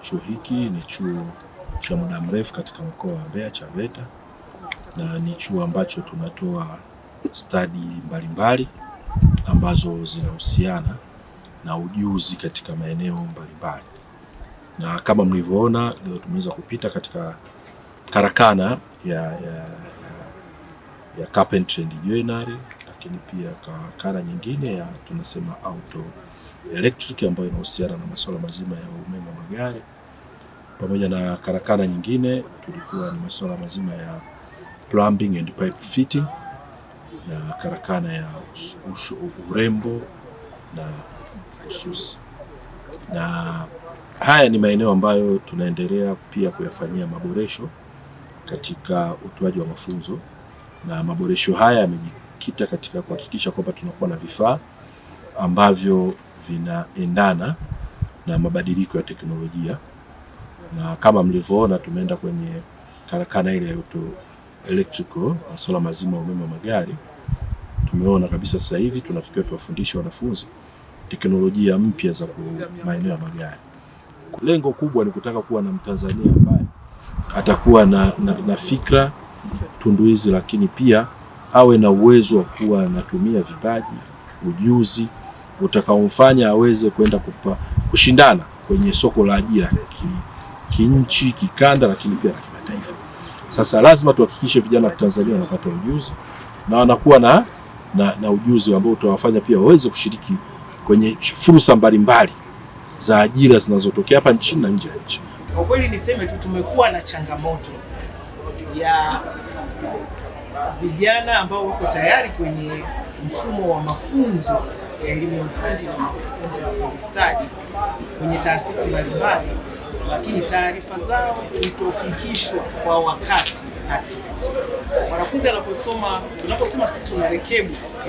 chuo hiki ni chuo cha muda mrefu katika mkoa wa Mbeya cha VETA, na ni chuo ambacho tunatoa stadi mbalimbali ambazo zinahusiana na ujuzi katika maeneo mbalimbali, na kama mlivyoona leo tumeweza kupita katika karakana ya, ya, ya, ya carpentry and joinery lakini pia karakana nyingine ya tunasema auto electric ambayo inahusiana na masuala mazima ya umeme wa magari, pamoja na karakana nyingine tulikuwa ni masuala mazima ya plumbing and pipe fitting na karakana ya urembo na ususi. Na haya ni maeneo ambayo tunaendelea pia kuyafanyia maboresho katika utoaji wa mafunzo na maboresho haya yamejikita tumejikita katika kuhakikisha kwamba tunakuwa na vifaa ambavyo vinaendana na mabadiliko ya teknolojia, na kama mlivyoona tumeenda kwenye karakana ile ya auto electrical masuala mazima ya umeme wa magari. Tumeona kabisa sasa hivi tunatakiwa tuwafundishe wanafunzi teknolojia mpya za maeneo ya magari. Lengo kubwa ni kutaka kuwa na Mtanzania ambaye atakuwa na, na, na fikra tunduizi lakini pia awe na uwezo wa kuwa anatumia vipaji, ujuzi utakaomfanya aweze kwenda kupa, kushindana kwenye soko la ajira kinchi ki kikanda, lakini pia la kimataifa. Sasa lazima tuhakikishe vijana wa Tanzania wanapata ujuzi na wanakuwa na, na, na ujuzi ambao utawafanya pia waweze kushiriki kwenye fursa mbalimbali za ajira zinazotokea hapa nchini na nje ya nchi. Kwa kweli niseme tu tumekuwa na changamoto ya vijana ambao wako tayari kwenye mfumo wa mafunzo ya elimu ya ufundi na mafunzo ya ufundi stadi kwenye taasisi mbalimbali, lakini taarifa zao kutofikishwa kwa wakati. Wanafunzi anaposoma, tunaposema sisi tunarekebu